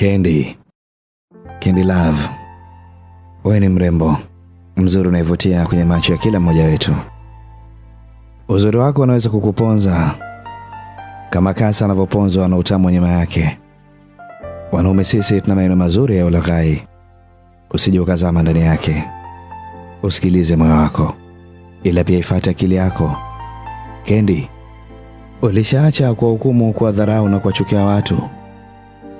Candy. Candy Love. Wewe ni mrembo mzuri unaivutia kwenye macho ya kila mmoja wetu. Uzuri wako unaweza kukuponza kama kasa anavyoponzwa na utamu wa nyama yake. Wanaume sisi tuna maneno mazuri ya ulaghai, usije ukazama ndani yake. Usikilize moyo wako, ila pia ifuate akili yako. Kendi, ulishaacha kwa hukumu, kwa dharau na kuwachukia watu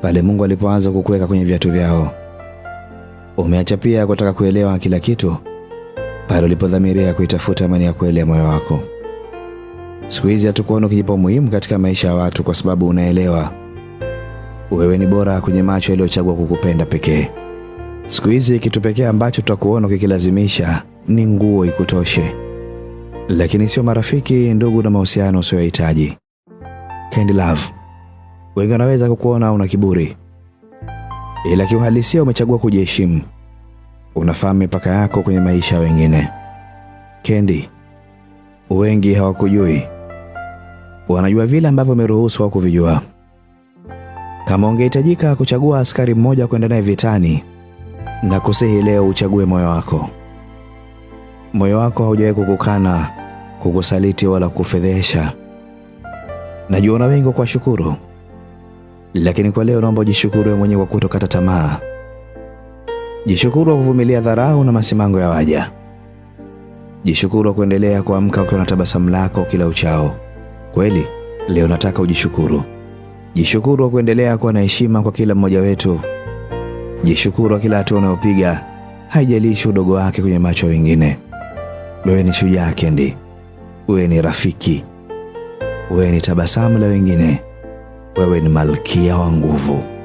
pale Mungu alipoanza kukuweka kwenye viatu vyao. Umeacha pia kutaka kuelewa kila kitu pale ulipodhamiria kuitafuta amani ya kweli ya moyo wako. Siku hizi hatukuona kijipo muhimu katika maisha ya watu, kwa sababu unaelewa wewe ni bora kwenye macho yaliyochagua kukupenda pekee. Siku hizi kitu pekee ambacho tutakuona ukikilazimisha ni nguo ikutoshe, lakini sio marafiki, ndugu na mahusiano usiyohitaji. Kind love wengi wanaweza kukuona una kiburi, ila kiuhalisia umechagua kujiheshimu. Unafahamu mipaka yako kwenye maisha ya wengine. Kendi, wengi hawakujui, wanajua vile ambavyo umeruhusu wao kuvijua. Kama ungehitajika kuchagua askari mmoja kwenda naye vitani, na kusihi leo uchague moyo wako. Moyo wako haujawahi kukukana, kukusaliti wala kufedhesha. Najua na wengi kwa shukuru lakini kwa leo naomba ujishukuru wewe mwenyewe kwa kutokata tamaa. Jishukuru wa kuvumilia dharau na masimango ya waja. Jishukuru wa kuendelea kuamka ukiwa na tabasamu lako kila uchao. Kweli, leo nataka ujishukuru. Jishukuru wa kuendelea kuwa na heshima kwa kila mmoja wetu. Jishukuru wa kila hatua unayopiga, haijalishi udogo wake kwenye macho wengine. Wewe ni shujaa Kendi. Wewe ni rafiki. Wewe ni tabasamu la wengine wewe ni malkia wa nguvu.